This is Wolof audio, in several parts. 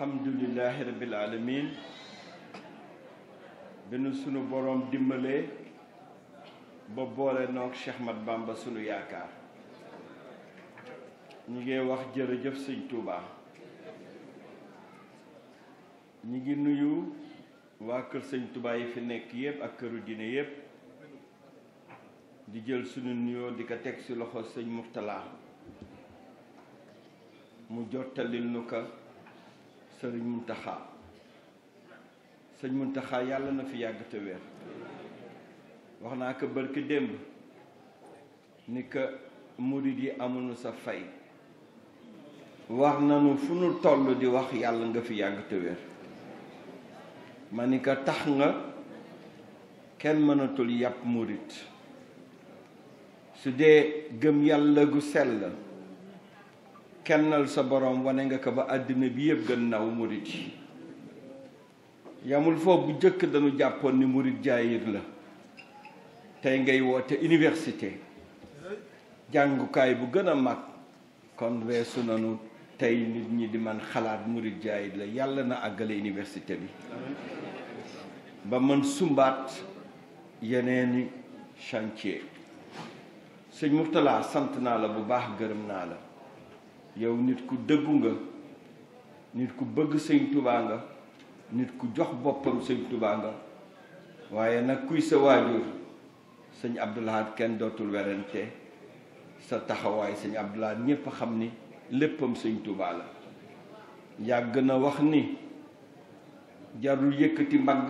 alhamdulillahi rabbil alamin bi sunu boroom dimbalee ba boole noog Cheikh Mat Bamba sunu yaakaar ñi ngi wax jërëjëf sëñ Touba ñi ngi nuyu waa kër sëñ Touba yi fi nekk yépp ak këru diine yépp di jël sunu nuyoo di ko teg ci loxo sëñ Murtala mu jottalil nu sëriñ Muntaxa sëñ Muntaxa yàlla na fi yàgg te wax naa ko bërki démb ni ko murid yi amuñu sa fay wax nanu fu nu toll di wax yàlla nga fi yàgg te wér ma ni ko tax nga kenn mënatul yàpp murid su dee gëm yàlla gu sell kennal sa borom wane nga ko ba àddina bi yëpp gën naaw murit yi yamul foofu jëkk dañu jàppoon ni murit jaayir la tey ngay woote université jàngukaay bu gën a mag kon weesu nanu tey nit ñi di man xalaat murit jaayir la yàlla na ak àggale université bi ba man sumbaat yeneeni chantier sëñ Mourtala sant naa la bu baax gërëm naa la yow nit ku dëggu nga nit ku bëgg sëñ tubaa nga nit ku jox boppam sëñ tubaa nga waaye nag kuy sa waajur sëñ Abdou kenn dootul werante sa taxawaay sëñ Abdou ñépp xam ni léppam sëñ tubaa la yàgg na wax ni jarul yëkkati mbagg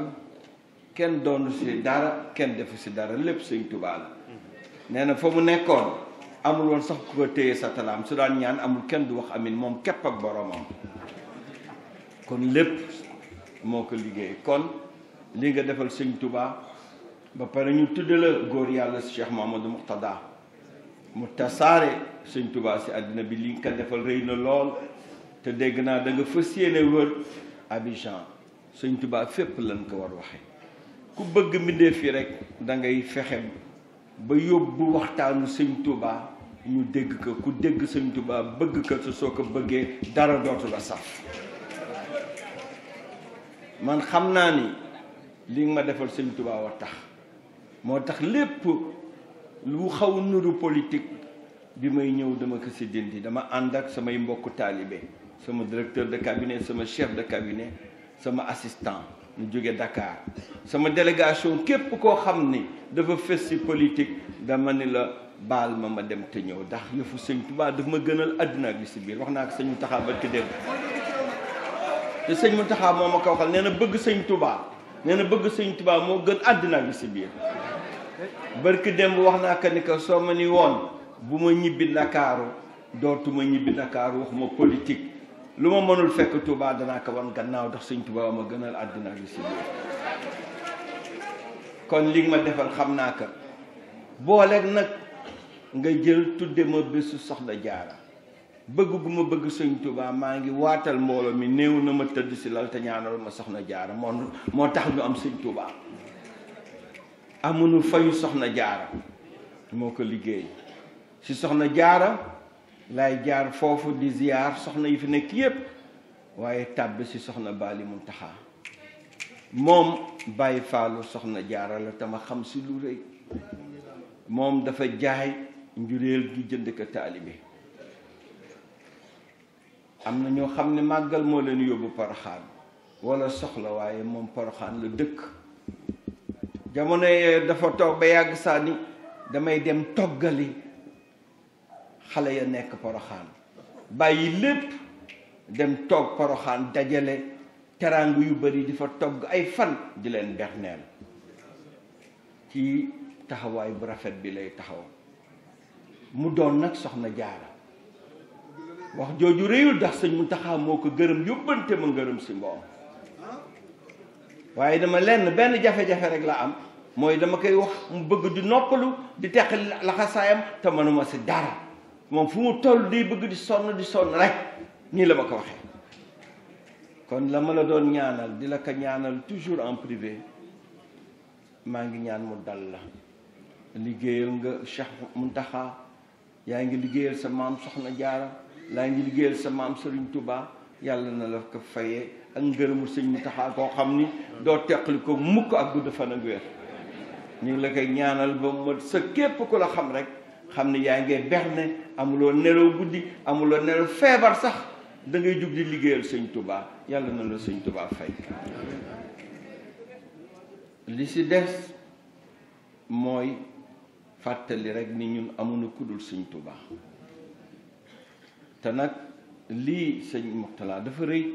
kenn doonu si dara kenn defu si dara lépp sëñ tubaa la mm-hmm. nee na fa mu nekkoon amul woon sax ku ko téye sa talaam su daan ñaan amul kenn du wax amin moom képp ak boroomam kon lépp moo ko liggéey kon li nga defal sëñ tubaa ba pare ñu tudd la góor yàlla Cheikh Mouhamadou Mourtada mu tasaare sëñ tubaa si àddina bi li nga ko defal rëy na lool te dégg naa da nga fas yéene wër Abidjan sëñ tubaa fépp lañ ko war waxe ku bëgg mbindee fii rek dangay fexe ba yóbbu waxtaanu sëñ Touba ñu dégg ko ku dégg sëñ Touba bëgg ko su soo ko bëggee dara dootu la sax man xam naa ni li nga ma defal sëñ Touba war tax moo tax lépp lu xaw nuru politik bi may ñëw dama ko si dindi dama ànd ak samay mbokku taalibe sama directeur de cabinet sama chef de cabinet sama assistant ñu jóge Dakar sama délégation képp koo xam ni dafa fës ci politique dama ni la baal ma ma dem te ñëw ndax yëfu sëñ tubaa daf ma gënal àddina ak li ci biir wax naa ko sëñ Mountakha ba dégg te sëñ Mountakha moo ma ko nee na bëgg sëñ Tuubaa nee na bëgg sëñ Tuubaa moo gën àddina ak li ci biir barki démb wax naa ko ni ko soo ma ni woon bu ma ñibbi Ndakaaru dootuma ñibbi Ndakaaru waxuma politique lu ma mënul fekk Touba danaa ko wan gannaaw ndax sëñ Touba ma gënal àddina gi si kon li ma defal xam naa ko booleeg nag nga jël tudde ma bésu soxna jaara bëgg gu ma bëgg sëñ Touba maa ngi waatal mbooloo mi néew na ma tëdd si lal te ñaanal ma soxna jaara moo tax ñu am sëñ Touba amuñu fayu soxna jaara moo ko liggéey si soxna jaara lay jaar foofu di ziyaar soxna yi fi nekk yépp waaye tàbb si soxna Baali Muntaxa moom bàyyi faalu soxna jaara la tama xam si lu rëy moom dafa jaay njureel gi jënd ko taalibe am na ñoo xam ne màggal moo leen yóbbu poroxaan walla soxla waaye moom poroxaan la dëkk jamono dafa toog ba yàgg saa damay dem toggali xale ya nekk poroxaan bàyyi lépp dem toog poroxaan dajale teraangu yu bari di fa togg ay fan di leen berneel ci taxawaay bu rafet bi lay taxaw mu doon nag soxna jaara wax jooju réyul ndax sëñ taxaw moo ko gërëm yóbbante ma ngërëm si mboom waaye dama lenn benn jafe-jafe rek la am mooy dama koy wax mu bëgg di noppalu di teq laxasaayam te mënuma si dara moom fu mu toll di bëgg di sonn di sonn rek nii la ma ko waxee kon la ma la doon ñaanal di la ko ñaanal toujours en privé maa ngi ñaan mu dal la liggéeyal nga Cheikh Muntaxa yaa ngi liggéeyal sa maam Soxna Jaara laa ngi liggéeyal sa maam Sëriñ Tuba yàlla na la ko fayee ak ngërëmu sëñ Muntaxa koo xam ni doo teqli ko mukk ak gudd fan ak weer ñu ngi la koy ñaanal ba mu sa képp ku la xam rek xam ne yaa ngee berne amuloo nelaw guddi amuloo nelaw feebar sax da ngay jug di liggéeyal sëñ tubaa yàlla na la sëñ tubaa fay li si des mooy fàttali rek ni ñun amuñu kuddul sëñ tubaa te nag lii sëñ Mourtalla dafa rëy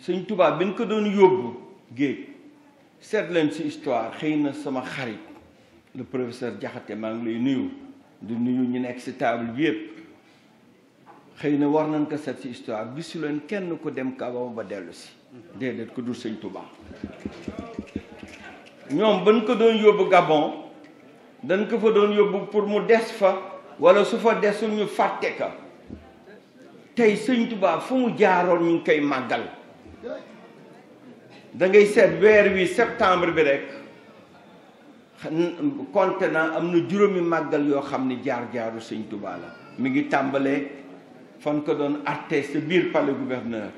sëñ tubaa bi ñu ko doon yóbbu géej seet leen si histoire xëy na sama xarit le professeur Jaxate maa ngi lay nuyu di nuyu ñu nekk ci table bi yëpp xëy na war nañ ko set ci histoire gisu leen kenn ko dem Kaaba ba dellu si déedéet ku dul sëñ Touba ñoom bañ ko doon yóbbu Gabon dañ ko fa doon yóbbu pour mu des fa wala su fa desul fàtte ka tey sëñ Touba fu mu jaaroon ñu ngi koy màggal da ngay seet weer wi septembre bi rek konte naa am na juróomi màggal yoo xam ne jaar-jaaru sëñ Tuubaa la mi ngi tàmbalee fan ko doon artiste biir pale gouverneur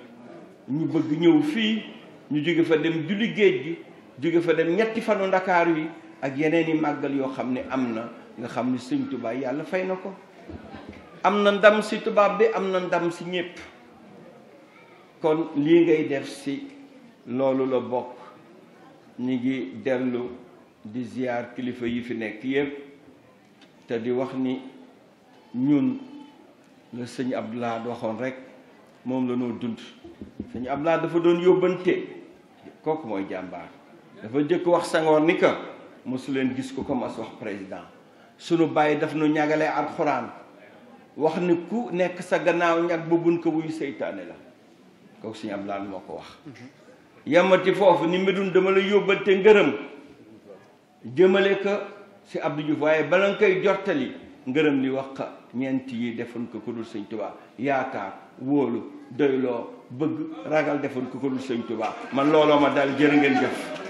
ñu bëgg ñëw fii ñu jóge fa dem julli géej gi jóge fa dem ñetti fanu ndakaaru wi ak yeneeni màggal yoo xam ne am na nga xam ne sëñ Tuubaa yàlla fay na ko am na ndam si tubaab bi am na ndam si ñépp kon lii ngay def si loolu la bokk ñu ngi dellu di ziyaar kilifa yi fi nekk yépp te di wax ni ñun la sëñ Abdou Lahad waxoon rek moom la noo dund sëñ Abdou dafa doon yóbbante kooku mooy jàmbaar dafa jëkk wax sangoor ni ka mosu leen gis ko comme as wax président sunu bàyyi daf nu ñagalee alxuraan wax ni ku nekk sa gannaaw ñag ba bun ko wuyu seytaane la kooku sëñ Abdou Lahad moo ko wax mhm. yamati foofu ni medun dama la yóbbante ngërëm jëmale ko si Abdou Diouf waaye bala nga koy jottali ngërëm li wax ñeent yi defoon ko ku dul sëñ yaakaar wóolu doyloo bëgg ragal defoon ko ku dul sëñ man looloo ma daal jërë ngeen jëf